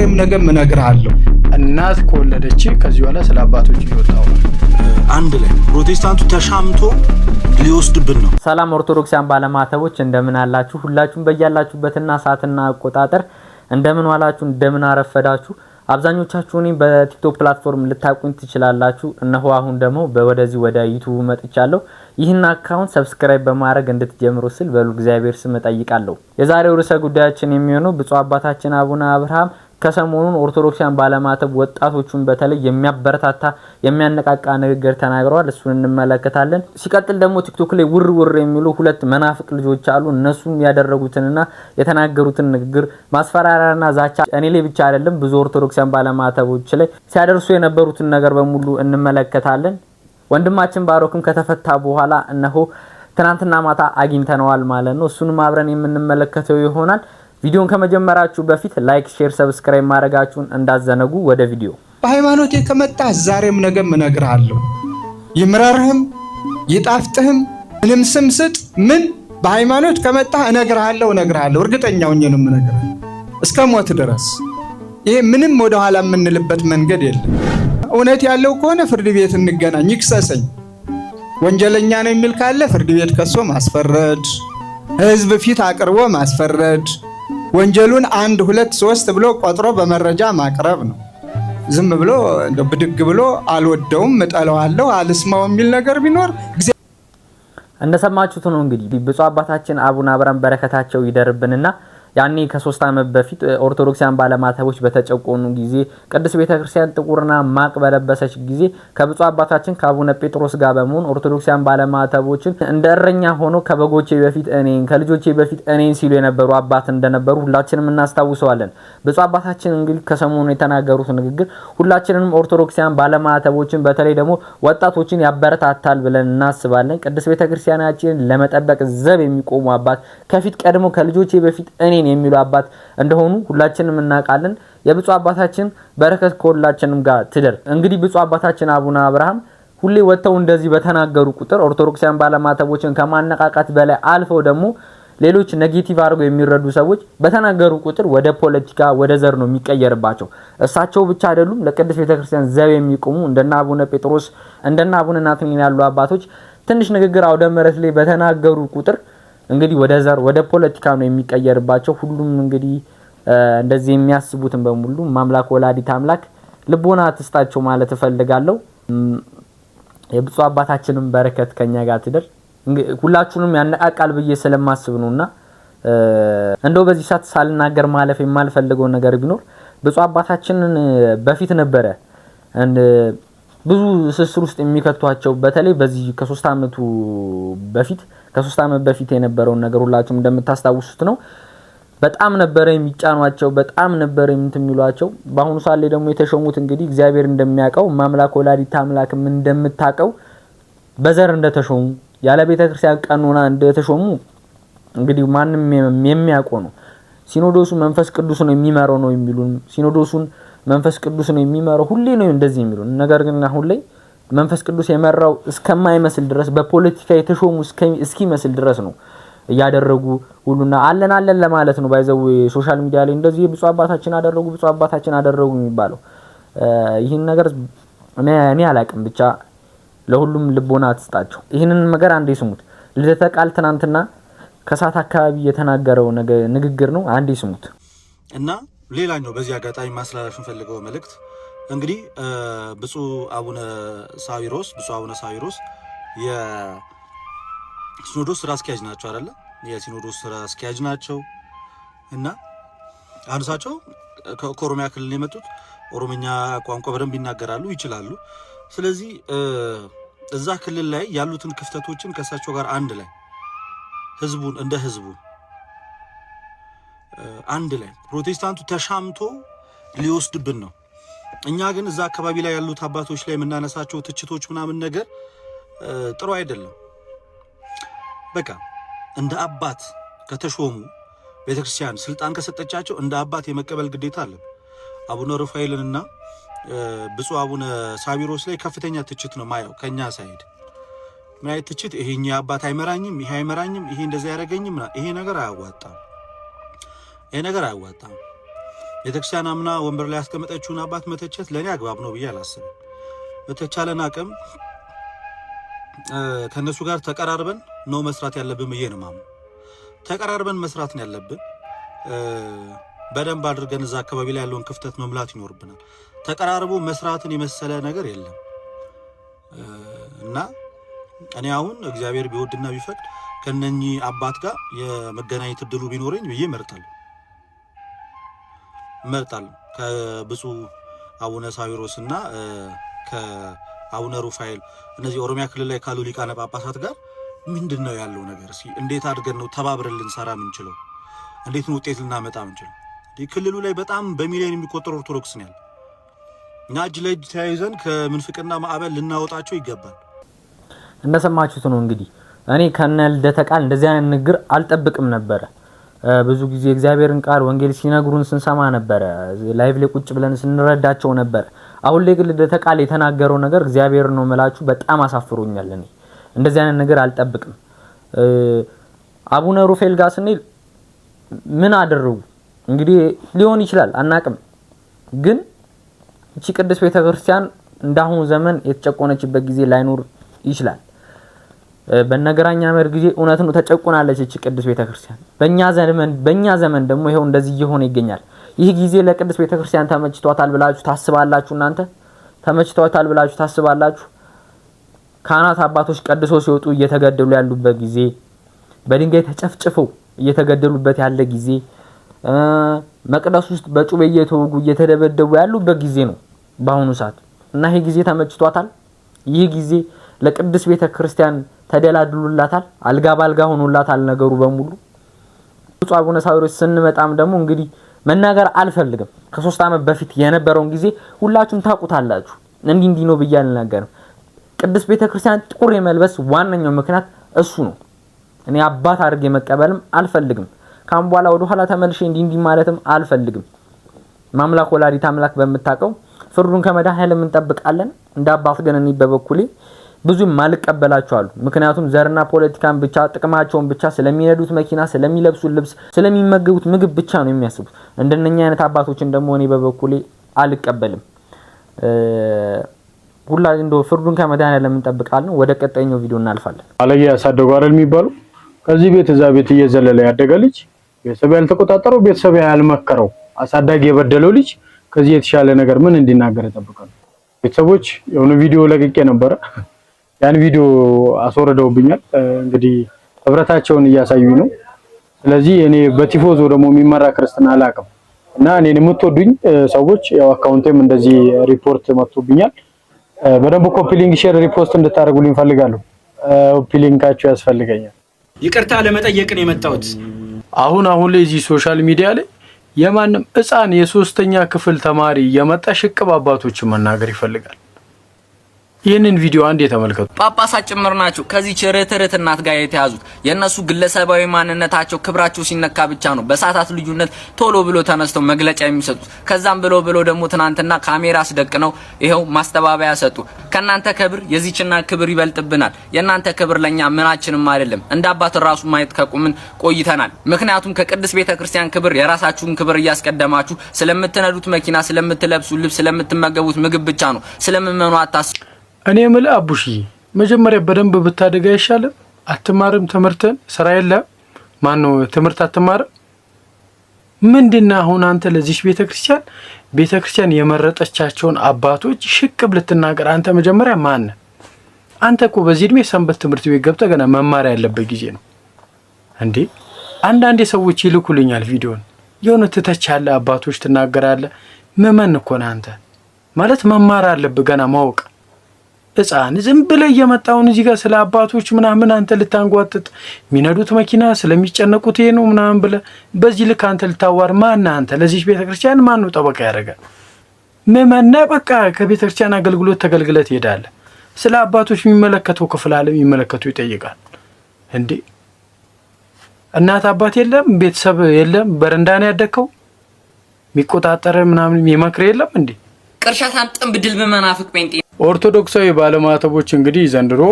ዛሬም ነገም እነግርሃለሁ። እናት ከወለደች ከዚህ በኋላ ስለ አባቶች ይወጣው አንድ ላይ ፕሮቴስታንቱ ተሻምቶ ሊወስድብን ነው። ሰላም ኦርቶዶክሲያን ባለማተቦች እንደምን አላችሁ? ሁላችሁም በያላችሁበትና ሰዓትና አቆጣጠር እንደምን ዋላችሁ፣ እንደምን አረፈዳችሁ። አብዛኞቻችሁ እኔ በቲክቶክ ፕላትፎርም ልታቁኝ ትችላላችሁ። እነሆ አሁን ደግሞ ወደዚህ ወደ ዩቱብ መጥቻለሁ። ይህን አካውንት ሰብስክራይብ በማድረግ እንድትጀምሩ ስል በሉ እግዚአብሔር ስም እጠይቃለሁ። የዛሬው ርዕሰ ጉዳያችን የሚሆነው ብፁዕ አባታችን አቡነ አብርሃም ከሰሞኑን ኦርቶዶክሳውያን ባለማተብ ወጣቶቹን በተለይ የሚያበረታታ የሚያነቃቃ ንግግር ተናግረዋል። እሱን እንመለከታለን። ሲቀጥል ደግሞ ቲክቶክ ላይ ውር ውር የሚሉ ሁለት መናፍቅ ልጆች አሉ። እነሱም ያደረጉትንና የተናገሩትን ንግግር ማስፈራሪያና ዛቻ እኔ ላይ ብቻ አይደለም ብዙ ኦርቶዶክሳውያን ባለማተቦች ላይ ሲያደርሱ የነበሩትን ነገር በሙሉ እንመለከታለን። ወንድማችን ባሮክም ከተፈታ በኋላ እነሆ ትናንትና ማታ አግኝተነዋል ማለት ነው። እሱንም አብረን የምንመለከተው ይሆናል። ቪዲዮን ከመጀመራችሁ በፊት ላይክ፣ ሼር፣ ሰብስክራይብ ማድረጋችሁን እንዳዘነጉ። ወደ ቪዲዮ በሃይማኖቴ ከመጣ ዛሬም ነገም እነግርሃለሁ። ይምረርህም ይጣፍጥህም ምንም ስም ስጥ ምን በሃይማኖት ከመጣ እነግርሃለሁ እነግርሃለሁ እርግጠኛ እኔ ነው የምነግርህ እስከ ሞት ድረስ። ይሄ ምንም ወደኋላ የምንልበት መንገድ የለም። እውነት ያለው ከሆነ ፍርድ ቤት እንገናኝ፣ ይክሰሰኝ። ወንጀለኛ ነው የሚል ካለ ፍርድ ቤት ከሶ ማስፈረድ፣ ህዝብ ፊት አቅርቦ ማስፈረድ ወንጀሉን አንድ ሁለት ሶስት ብሎ ቆጥሮ በመረጃ ማቅረብ ነው። ዝም ብሎ ብድግ ብሎ አልወደውም፣ እጠለዋለሁ፣ አልስማው የሚል ነገር ቢኖር እንደሰማችሁት ነው። እንግዲህ ብፁዕ አባታችን አቡነ አብርሃም በረከታቸው ይደርብንና ያኔ ከሶስት ዓመት በፊት ኦርቶዶክሲያን ባለማተቦች በተጨቆኑ ጊዜ ቅድስት ቤተ ክርስቲያን ጥቁርና ማቅ በለበሰች ጊዜ ከብፁ አባታችን ከአቡነ ጴጥሮስ ጋር በመሆን ኦርቶዶክሲያን ባለማተቦችን እንደ እረኛ ሆኖ ከበጎቼ በፊት እኔን ከልጆቼ በፊት እኔን ሲሉ የነበሩ አባት እንደነበሩ ሁላችንም እናስታውሰዋለን። ብፁ አባታችን እንግዲህ ከሰሞኑ የተናገሩት ንግግር ሁላችንንም ኦርቶዶክሲያን ባለማተቦችን በተለይ ደግሞ ወጣቶችን ያበረታታል ብለን እናስባለን። ቅድስት ቤተ ክርስቲያናችን ለመጠበቅ ዘብ የሚቆሙ አባት ከፊት ቀድሞ ከልጆቼ በፊት እኔ አሜን የሚሉ አባት እንደሆኑ ሁላችንም እናውቃለን። የብፁ አባታችን በረከት ከሁላችንም ጋር ትደር። እንግዲህ ብፁ አባታችን አቡነ አብርሃም ሁሌ ወጥተው እንደዚህ በተናገሩ ቁጥር ኦርቶዶክሳውያን ባለማተቦችን ከማነቃቃት በላይ አልፈው ደግሞ ሌሎች ኔጌቲቭ አድርገው የሚረዱ ሰዎች በተናገሩ ቁጥር ወደ ፖለቲካ ወደ ዘር ነው የሚቀየርባቸው። እሳቸው ብቻ አይደሉም፣ ለቅድስት ቤተክርስቲያን ዘብ የሚቆሙ እንደና አቡነ ጴጥሮስ እንደና አቡነ ናትናኤል ያሉ አባቶች ትንሽ ንግግር አውደ ምሕረት ላይ በተናገሩ ቁጥር እንግዲህ ወደ ዘር ወደ ፖለቲካ ነው የሚቀየርባቸው። ሁሉም እንግዲህ እንደዚህ የሚያስቡትን በሙሉ ማምላክ ወላዲት አምላክ ልቦና ትስጣቸው ማለት እፈልጋለሁ። የብፁዕ አባታችንም በረከት ከኛ ጋር ትደር። ሁላችሁንም ያነቃቃል ብዬ ስለማስብ ነውና እንደው በዚህ ሰዓት ሳልናገር ማለፍ የማልፈልገው ነገር ቢኖር ብፁዕ አባታችንን በፊት ነበረ ብዙ ስስር ውስጥ የሚከቷቸው በተለይ በዚህ ከሶስት አመቱ በፊት ከሶስት ዓመት በፊት የነበረውን ነገር ሁላችሁም እንደምታስታውሱት ነው። በጣም ነበረ የሚጫኗቸው፣ በጣም ነበረ የምትሚሏቸው። በአሁኑ ሰዓት ላይ ደግሞ የተሾሙት እንግዲህ እግዚአብሔር እንደሚያውቀው ማምላክ ወላዲተ አምላክም እንደምታውቀው በዘር እንደተሾሙ ያለ ቤተ ክርስቲያን ቀኖና እንደተሾሙ እንግዲህ ማንም የሚያውቀው ነው። ሲኖዶሱ መንፈስ ቅዱስ ነው የሚመራው ነው የሚሉን፣ ሲኖዶሱን መንፈስ ቅዱስ ነው የሚመራው ሁሌ ነው እንደዚህ የሚሉን ነገር ግን አሁን ላይ መንፈስ ቅዱስ የመራው እስከማይመስል ድረስ በፖለቲካ የተሾሙ እስኪመስል ድረስ ነው እያደረጉ ሁሉና አለን አለን ለማለት ነው። ባይዘው ሶሻል ሚዲያ ላይ እንደዚህ ብፁ አባታችን አደረጉ ብፁ አባታችን አደረጉ የሚባለው ይህን ነገር እኔ አላቅም። ብቻ ለሁሉም ልቦና አትስጣቸው። ይህንን ነገር አንዴ ስሙት። ልደተ ቃል ትናንትና ከሰዓት አካባቢ የተናገረው ንግግር ነው። አንዴ ስሙት እና ሌላኛው በዚህ አጋጣሚ ማስተላለፍ እንፈልገው መልእክት እንግዲህ ብፁዕ አቡነ ሳዊሮስ ብፁዕ አቡነ ሳዊሮስ የሲኖዶስ ስራ አስኪያጅ ናቸው አይደለ? የሲኖዶስ ስራ አስኪያጅ ናቸው እና አንሳቸው ከኦሮሚያ ክልል የመጡት ኦሮምኛ ቋንቋ በደንብ ይናገራሉ፣ ይችላሉ። ስለዚህ እዛ ክልል ላይ ያሉትን ክፍተቶችን ከእሳቸው ጋር አንድ ላይ ህዝቡን እንደ ህዝቡ አንድ ላይ ፕሮቴስታንቱ ተሻምቶ ሊወስድብን ነው እኛ ግን እዛ አካባቢ ላይ ያሉት አባቶች ላይ የምናነሳቸው ትችቶች ምናምን ነገር ጥሩ አይደለም። በቃ እንደ አባት ከተሾሙ ቤተክርስቲያን ስልጣን ከሰጠቻቸው እንደ አባት የመቀበል ግዴታ አለን። አቡነ ሩፋኤልንና ብፁ አቡነ ሳቢሮስ ላይ ከፍተኛ ትችት ነው ማየው ከኛ ሳይድ ምን አይነት ትችት ይሄኛ አባት አይመራኝም፣ ይሄ አይመራኝም፣ ይሄ እንደዚህ ያደረገኝም፣ ይሄ ነገር አያዋጣም፣ ይሄ ነገር አያዋጣም። ቤተክርስቲያን አምና ወንበር ላይ ያስቀመጠችውን አባት መተቸት ለእኔ አግባብ ነው ብዬ አላስብም። በተቻለን አቅም ከእነሱ ጋር ተቀራርበን ነው መስራት ያለብን ብዬ ነው ማምነው። ተቀራርበን መስራት ነው ያለብን። በደንብ አድርገን እዛ አካባቢ ላይ ያለውን ክፍተት መምላት ይኖርብናል። ተቀራርቦ መስራትን የመሰለ ነገር የለም እና እኔ አሁን እግዚአብሔር ቢወድና ቢፈቅድ ከነኚህ አባት ጋር የመገናኘት እድሉ ቢኖረኝ ብዬ እመርጣለሁ። እመርጣለሁ ከብፁዕ አቡነ ሳዊሮስ እና ከአቡነ ሩፋኤል እነዚህ ኦሮሚያ ክልል ላይ ካሉ ሊቃነ ጳጳሳት ጋር ምንድን ነው ያለው ነገር? እንዴት አድርገን ነው ተባብረን ልንሰራ ምንችለው? እንዴት ነው ውጤት ልናመጣ ምንችለው? ክልሉ ላይ በጣም በሚሊዮን የሚቆጠሩ ኦርቶዶክስ ነው ያለ እና እጅ ለእጅ ተያይዘን ከምንፍቅና ማዕበል ልናወጣቸው ይገባል። እንደሰማችሁት ነው እንግዲህ እኔ ከነ ልደተ ቃል እንደዚህ አይነት ንግግር አልጠብቅም ነበረ። ብዙ ጊዜ እግዚአብሔርን ቃል ወንጌል ሲነግሩን ስንሰማ ነበረ። ላይቭ ላይ ቁጭ ብለን ስንረዳቸው ነበር። አሁን ላይ ግን ልደተ ቃል የተናገረው ነገር እግዚአብሔር ነው ምላችሁ በጣም አሳፍሮኛል። እኔ እንደዚህ አይነት ነገር አልጠብቅም። አቡነ ሩፌል ጋር ስንል ምን አደረጉ እንግዲህ ሊሆን ይችላል አናቅም። ግን እቺ ቅድስት ቤተክርስቲያን እንዳሁኑ ዘመን የተጨቆነችበት ጊዜ ላይኖር ይችላል። በነገራኛ መር ጊዜ እውነት ነው ተጨቁናለች እቺ ቅዱስ ቤተክርስቲያን። በእኛ ዘመን በእኛ ዘመን ደግሞ ይሄው እንደዚህ እየሆነ ይገኛል። ይህ ጊዜ ለቅዱስ ቤተክርስቲያን ተመችቷታል ብላችሁ ታስባላችሁ? እናንተ ተመችቷታል ብላችሁ ታስባላችሁ? ካህናት አባቶች ቀድሶ ሲወጡ እየተገደሉ ያሉበት ጊዜ፣ በድንጋይ ተጨፍጭፈው እየተገደሉበት ያለ ጊዜ፣ መቅደስ ውስጥ በጩቤ እየተወጉ እየተደበደቡ ያሉበት ጊዜ ነው በአሁኑ ሰዓት እና ይህ ጊዜ ተመችቷታል። ይህ ጊዜ ለቅዱስ ቤተክርስቲያን ተደላድሉላታል። አልጋ ባልጋ ሆኑላታል ነገሩ በሙሉ። ብፁዕ አቡነ ሳዊሮስ ስንመጣም ደግሞ እንግዲህ መናገር አልፈልግም። ከሶስት ዓመት በፊት የነበረውን ጊዜ ሁላችሁም ታውቁታላችሁ። እንዲህ እንዲህ ነው ብዬ አልናገርም። ቅድስት ቤተክርስቲያን ጥቁር የመልበስ ዋነኛው ምክንያት እሱ ነው። እኔ አባት አድርጌ መቀበልም አልፈልግም። ካም በኋላ ወደ ኋላ ተመልሼ እንዲህ እንዲህ ማለትም አልፈልግም። ማምላክ ወላዲት አምላክ በምታውቀው ፍርዱን ከመድኃኔዓለም እንጠብቃለን። እንደ አባት ግን እኔ በበኩሌ ብዙ ማልቀበላቸው አሉ። ምክንያቱም ዘርና ፖለቲካን ብቻ፣ ጥቅማቸውን ብቻ፣ ስለሚነዱት መኪና፣ ስለሚለብሱት ልብስ፣ ስለሚመገቡት ምግብ ብቻ ነው የሚያስቡት። እንደነኛ አይነት አባቶችን ደግሞ እኔ በበኩሌ አልቀበልም። ሁላ እንደ ፍርዱን ከመድኃኒዓለም እንጠብቃለን። ወደ ቀጣይኛው ቪዲዮ እናልፋለን። አለየ ያሳደጉ አይደል የሚባሉ ከዚህ ቤት እዛ ቤት እየዘለለ ያደገ ልጅ ቤተሰብ ያልተቆጣጠረው ቤተሰብ ያልመከረው አሳዳጊ የበደለው ልጅ ከዚህ የተሻለ ነገር ምን እንዲናገር ይጠብቃል? ቤተሰቦች የሆነ ቪዲዮ ለቅቄ ነበረ ያን ቪዲዮ አስወርደውብኛል። እንግዲህ ህብረታቸውን እያሳዩ ነው። ስለዚህ እኔ በቲፎዞ ደግሞ የሚመራ ክርስትና አላውቅም እና እኔን የምትወዱኝ ሰዎች ያው አካውንቴም እንደዚህ ሪፖርት መጥቶብኛል። በደንብ ኮፒ ሊንክ፣ ሼር፣ ሪፖርት እንድታደርጉልኝ ፈልጋለሁ። ኮፒ ያስፈልገኛል። ይቅርታ ለመጠየቅ ነው የመጣሁት። አሁን አሁን ላይ እዚህ ሶሻል ሚዲያ ላይ የማንም ሕፃን የሶስተኛ ክፍል ተማሪ የመጣ ሽቅብ አባቶችን መናገር ይፈልጋል። ይህንን ቪዲዮ አንድ የተመልከቱ ጳጳሳት ጭምር ናቸው ከዚህ ርትርት እናት ጋር የተያዙት። የእነሱ ግለሰባዊ ማንነታቸው ክብራቸው ሲነካ ብቻ ነው በሰዓታት ልዩነት ቶሎ ብሎ ተነስተው መግለጫ የሚሰጡት። ከዛም ብሎ ብሎ ደግሞ ትናንትና ካሜራ አስደቅነው ይኸው ማስተባበያ ሰጡ። ከእናንተ ክብር የዚችና ክብር ይበልጥብናል። የእናንተ ክብር ለእኛ ምናችንም አይደለም። እንደ አባት ራሱ ማየት ከቁምን ቆይተናል። ምክንያቱም ከቅድስት ቤተ ክርስቲያን ክብር የራሳችሁን ክብር እያስቀደማችሁ ስለምትነዱት መኪና፣ ስለምትለብሱ ልብስ፣ ስለምትመገቡት ምግብ ብቻ ነው ስለምመኑ አታስ እኔ የምልህ አቡሽዬ መጀመሪያ በደንብ ብታደግ አይሻልም? አትማርም? ትምህርትን ስራ የለም ማን ነው ትምህርት አትማርም? ምንድና አሁን አንተ ለዚች ቤተ ክርስቲያን ቤተ ክርስቲያን የመረጠቻቸውን አባቶች ሽቅብ ልትናገር አንተ መጀመሪያ ማን አንተ እኮ በዚህ እድሜ ሰንበት ትምህርት ቤት ገብተ ገና መማር ያለበት ጊዜ ነው እንዴ። አንዳንዴ ሰዎች ይልኩልኛል ቪዲዮን የሆነ ትተቻለህ፣ አባቶች ትናገራለ ምመን እኮ ነህ አንተ ማለት መማር አለብህ ገና ማወቅ ህፃን ዝም ብለህ እየመጣውን እዚህ ጋር ስለ አባቶች ምናምን አንተ ልታንጓጥጥ የሚነዱት መኪና ስለሚጨነቁት ይሄ ነው ምናምን ብለህ በዚህ ልክ አንተ ልታዋር ማን አንተ ለዚህ ቤተ ክርስቲያን ማን ነው ጠበቃ ያደርጋል? ምመና በቃ ከቤተ ክርስቲያን አገልግሎት ተገልግለ ትሄዳለህ። ስለ አባቶች የሚመለከተው ክፍል አለ፣ የሚመለከቱ ይጠይቃል። እንዴ እናት አባት የለም፣ ቤተሰብ የለም፣ በረንዳ ነው ያደግከው፣ የሚቆጣጠር ምናምን የሚመክር የለም እንዴ ቅርሻ ጥንብ ብድል በመናፍቅ ጴንጤ ኦርቶዶክሳዊ ባለማተቦች እንግዲህ ዘንድሮ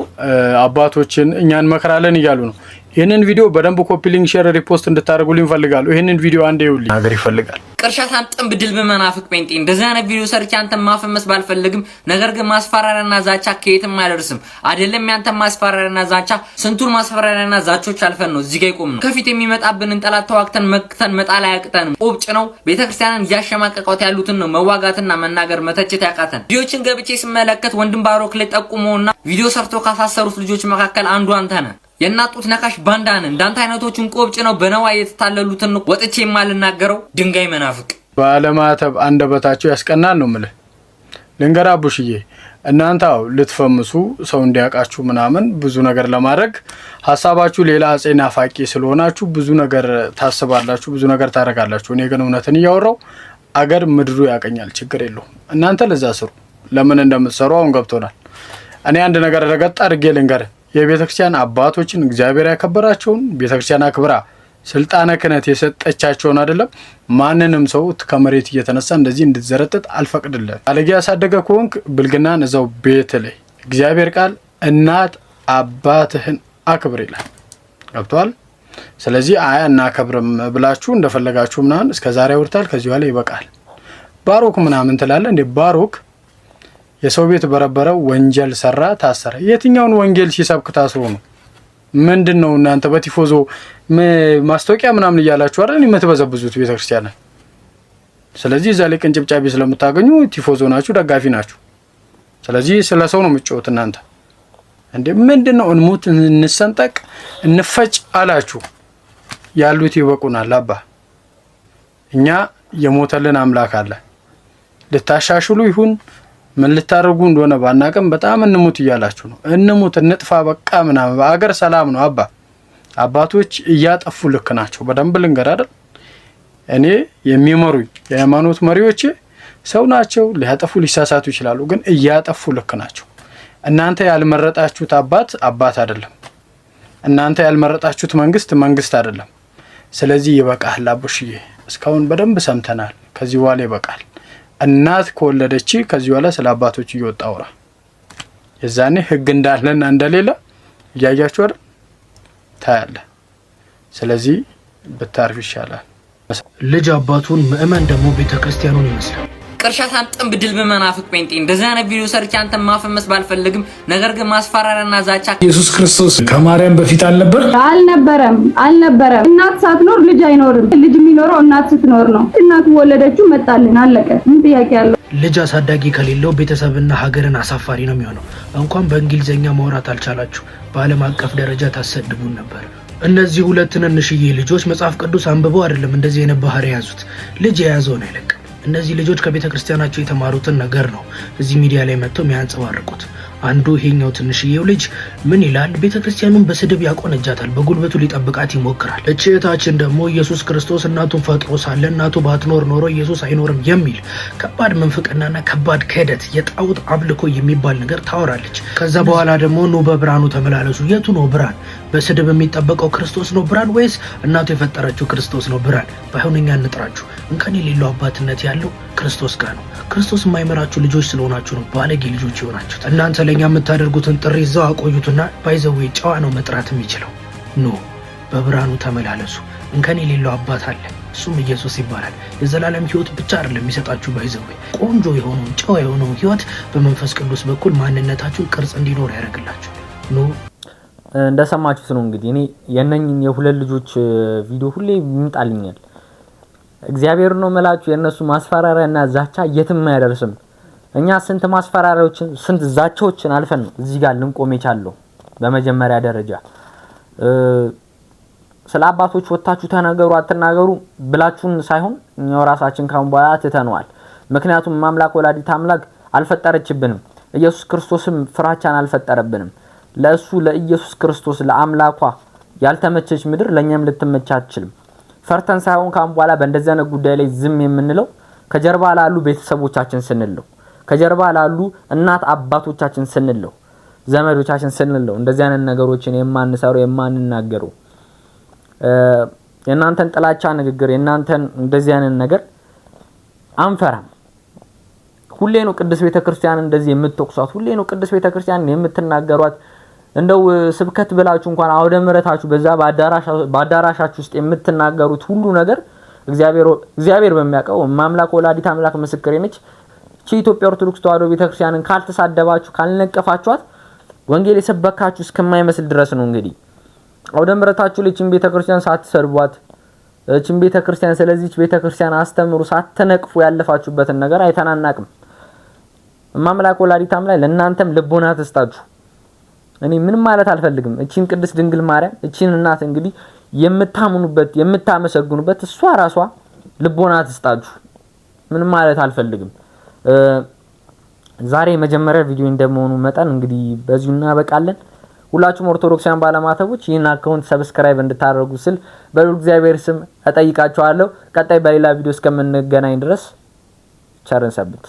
አባቶችን እኛን መከራለን እያሉ ነው። ይህንን ቪዲዮ በደንብ ኮፒ፣ ሊንክ፣ ሼር፣ ሪፖስት እንድታደርጉልኝ ይፈልጋሉ። ይህንን ቪዲዮ አንድ ይውልኝ ሀገር ይፈልጋል ቅርሻት አንጠን ብድል በመናፍቅ ጴንጤ እንደዚህ አይነት ቪዲዮ ሰርች አንተ ማፈመስ ባልፈልግም፣ ነገር ግን ማስፈራሪያና ዛቻ ከየትም አይደርስም። አይደለም ያንተ ማስፈራሪያና ዛቻ ስንቱን ማስፈራሪያና ዛቾች አልፈን ነው እዚህ ጋር የቆም ነው። ከፊት የሚመጣብንን ጠላት ተዋግተን መክተን መጣል አያቅተንም። ቆብጭ ነው ቤተክርስቲያንን እያሸማቀቋት ያሉትን ነው መዋጋትና መናገር መተቸት ያቃተን። ቪዲዮችን ገብቼ ስመለከት ወንድም ባሮክ ላይ ጠቁመውና ቪዲዮ ሰርቶ ካሳሰሩት ልጆች መካከል አንዱ አንተ ነህ። የእናጡት ነካሽ ባንዳን እንዳንተ አይነቶቹን ቆብጭ ነው በነዋይ የተታለሉትን ወጥቼ የማልናገረው ድንጋይ መናፍቅ ባለማተብ አንደበታቸው ያስቀናል ነው ምልህ። ልንገራ ቡሽዬ፣ እናንተ አው ልትፈምሱ ሰው እንዲያውቃችሁ ምናምን ብዙ ነገር ለማድረግ ሀሳባችሁ ሌላ አፄ ናፋቂ ስለሆናችሁ ብዙ ነገር ታስባላችሁ፣ ብዙ ነገር ታደርጋላችሁ። እኔ ግን እውነትን እያወራው አገር ምድሩ ያቀኛል፣ ችግር የለውም። እናንተ ለዛ ስሩ። ለምን እንደምትሰሩ አሁን ገብቶናል። እኔ አንድ ነገር ረገጥ አድርጌ ልንገርህ የቤተ ክርስቲያን አባቶችን እግዚአብሔር ያከበራቸውን ቤተ ክርስቲያን አክብራ ስልጣነ ክህነት የሰጠቻቸውን አይደለም ማንንም ሰው ከመሬት እየተነሳ እንደዚህ እንድትዘረጥጥ አልፈቅድለን። አለጌ ያሳደገ ከሆንክ ብልግናን እዛው ቤት ላይ እግዚአብሔር ቃል እናት አባትህን አክብር ይላል። ገብቷል። ስለዚህ አይ እናከብርም ብላችሁ እንደፈለጋችሁ ምናምን እስከ ዛሬ አውርታል። ከዚህ በኋላ ይበቃል። ባሮክ ምናምን ትላለ እንዴ? ባሮክ የሰው ቤት በረበረው፣ ወንጀል ሰራ፣ ታሰረ። የትኛውን ወንጌል ሲሰብክ ታስሮ ነው? ምንድን ነው እናንተ በቲፎዞ ማስታወቂያ ምናምን እያላችሁ አይደል የምትበዘብዙት ቤተክርስቲያንን? ስለዚህ እዛ ላይ ቅንጭብጫቢ ስለምታገኙ ቲፎዞ ናችሁ፣ ደጋፊ ናችሁ። ስለዚህ ስለ ሰው ነው የምትጮሁት እናንተ። እንዴ ምንድን ነው እንሙት፣ እንሰንጠቅ፣ እንፈጭ አላችሁ። ያሉት ይበቁናል አባ። እኛ የሞተልን አምላክ አለ። ልታሻሽሉ ይሁን ምን ልታደርጉ እንደሆነ ባናቅም በጣም እንሙት እያላችሁ ነው። እንሙት፣ እንጥፋ፣ በቃ ምናምን በአገር ሰላም ነው። አባ አባቶች እያጠፉ ልክ ናቸው። በደንብ ልንገር አይደል? እኔ የሚመሩኝ የሃይማኖት መሪዎቼ ሰው ናቸው። ሊያጠፉ ሊሳሳቱ ይችላሉ፣ ግን እያጠፉ ልክ ናቸው። እናንተ ያልመረጣችሁት አባት አባት አይደለም። እናንተ ያልመረጣችሁት መንግስት መንግስት አይደለም። ስለዚህ ይበቃል አቡሽዬ፣ እስካሁን በደንብ ሰምተናል። ከዚህ በኋላ ይበቃል። እናት ከወለደች ከዚህ በኋላ ስለ አባቶች እየወጣ አውራ። የዛኔ ህግ እንዳለና እንደሌለ እያያችሁ አይደል ታያለ። ስለዚህ ብታርፍ ይሻላል። ልጅ አባቱን ምእመን ደግሞ ቤተ ክርስቲያኑን ይመስላል። ቅርሻ አንጥም ብድል በመናፍቅ ጴንጤ እንደዚህ አይነት ቪዲዮ ሰርች አንተን ማፈመስ ባልፈልግም፣ ነገር ግን ማስፈራሪያና ዛቻ ኢየሱስ ክርስቶስ ከማርያም በፊት አልነበር አልነበረም አልነበረም። እናት ሳትኖር ልጅ አይኖርም። ልጅ የሚኖረው እናት ስትኖር ነው። እናት ወለደችው፣ መጣልን፣ አለቀ። ምን ጥያቄ አለው? ልጅ አሳዳጊ ከሌለው ቤተሰብና ሀገርን አሳፋሪ ነው የሚሆነው። እንኳን በእንግሊዝኛ ማውራት አልቻላችሁ፣ በዓለም አቀፍ ደረጃ ታሰድቡን ነበር። እነዚህ ሁለት ትንንሽዬ ልጆች መጽሐፍ ቅዱስ አንብበው አይደለም እንደዚህ አይነት ባህሪ የያዙት። ልጅ የያዘውን አይለቅ እነዚህ ልጆች ከቤተ ክርስቲያናቸው የተማሩትን ነገር ነው እዚህ ሚዲያ ላይ መጥተው የሚያንጸባርቁት። አንዱ ይሄኛው ትንሽዬው ልጅ ምን ይላል? ቤተ ክርስቲያኑን በስድብ ያቆነጃታል። በጉልበቱ ሊጠብቃት ይሞክራል። እች ደግሞ ኢየሱስ ክርስቶስ እናቱን ፈጥሮ ሳለ እናቱ ባትኖር ኖሮ ኢየሱስ አይኖርም የሚል ከባድ ምንፍቅናና ከባድ ክህደት፣ የጣውት አምልኮ የሚባል ነገር ታወራለች። ከዛ በኋላ ደግሞ ኑ በብርሃኑ ተመላለሱ። የቱ ነው ብርሃን? በስድብ የሚጠበቀው ክርስቶስ ነው ብርሃን ወይስ እናቱ የፈጠረችው ክርስቶስ ነው ብርሃን? ባይሆን እኛ እንጥራችሁ እንከን የሌለው አባትነት ያለው ክርስቶስ ጋር ነው። ክርስቶስ የማይመራችሁ ልጆች ስለሆናችሁ ነው ባለጌ ልጆች ይሆናችሁት እናንተ ለእኛ የምታደርጉትን ጥሪ እዛው አቆዩትና ባይዘዌ ጨዋ ነው መጥራት የሚችለው ኖ በብርሃኑ ተመላለሱ። እንከን የሌለው አባት አለ፣ እሱም ኢየሱስ ይባላል። የዘላለም ህይወት ብቻ አይደለም የሚሰጣችሁ፣ ባይዘዌ ቆንጆ የሆነውን ጨዋ የሆነውን ህይወት በመንፈስ ቅዱስ በኩል ማንነታችሁን ቅርጽ እንዲኖር ያደርግላችሁ። ኖ እንደሰማችሁት ነው እንግዲህ እኔ የእነኝን የሁለት ልጆች ቪዲዮ ሁሌ ይምጣልኛል። እግዚአብሔር ነው መላችሁ። የእነሱ ማስፈራሪያና ዛቻ የትም አያደርስም። እኛ ስንት ማስፈራሪያዎችን ስንት ዛቻዎችን አልፈን ነው እዚህ ጋር ልንቆም የቻለው። በመጀመሪያ ደረጃ ስለ አባቶች ወታችሁ ተነገሩ አትናገሩ ብላችሁን ሳይሆን እኛው ራሳችን ካሁን በኋላ ትተነዋል። ምክንያቱም ማምላክ ወላዲት አምላክ አልፈጠረችብንም። ኢየሱስ ክርስቶስም ፍራቻን አልፈጠረብንም። ለእሱ ለኢየሱስ ክርስቶስ ለአምላኳ ያልተመቸች ምድር ለእኛም ልትመች አትችልም። ፈርተን ሳይሆን ካሁን በኋላ በእንደዚህ አይነት ጉዳይ ላይ ዝም የምንለው ከጀርባ ላሉ ቤተሰቦቻችን ስንል ነው። ከጀርባ ላሉ እናት አባቶቻችን ስንል ነው፣ ዘመዶቻችን ስንል እንደዚህ አይነት ነገሮችን የማንሰሩ የማንናገሩ የእናንተን ጥላቻ ንግግር የእናንተን እንደዚህ አይነት ነገር አንፈራም። ሁሌ ነው ቅዱስ ቤተ ክርስቲያን እንደዚህ የምትጠቁሷት፣ ሁሌ ነው ቅዱስ ቤተ ክርስቲያን የምትናገሯት። እንደው ስብከት ብላችሁ እንኳን አውደ ምሕረታችሁ በዛ በአዳራሻችሁ ውስጥ የምትናገሩት ሁሉ ነገር እግዚአብሔር በሚያውቀው ማምላክ ወላዲት አምላክ ምስክሬ ነች። የኢትዮጵያ ኦርቶዶክስ ተዋሕዶ ቤተክርስቲያንን ካልተሳደባችሁ፣ ካልነቀፋችኋት ወንጌል የሰበካችሁ እስከማይመስል ድረስ ነው። እንግዲህ አውደ ምሕረታችሁ ለችን ቤተክርስቲያን ሳትሰድቧት፣ ችን ቤተክርስቲያን ስለዚች ቤተክርስቲያን አስተምሩ ሳትነቅፉ ያለፋችሁበትን ነገር አይተናናቅም። እማምላክ ወላዲታም ላይ ለእናንተም ልቦና ትስጣችሁ። እኔ ምንም ማለት አልፈልግም። እቺን ቅድስት ድንግል ማርያም እቺን እናት እንግዲህ የምታምኑበት የምታመሰግኑበት እሷ ራሷ ልቦና ትስጣችሁ። ምንም ማለት አልፈልግም። ዛሬ የመጀመሪያ ቪዲዮ እንደመሆኑ መጠን እንግዲህ በዚሁ እናበቃለን። ሁላችሁም ኦርቶዶክሳውያን ባለማተቦች ይህን አካውንት ሰብስክራይብ እንድታደርጉ ስል በሉ እግዚአብሔር ስም እጠይቃችኋለሁ። ቀጣይ በሌላ ቪዲዮ እስከምንገናኝ ድረስ ቸርን ሰብት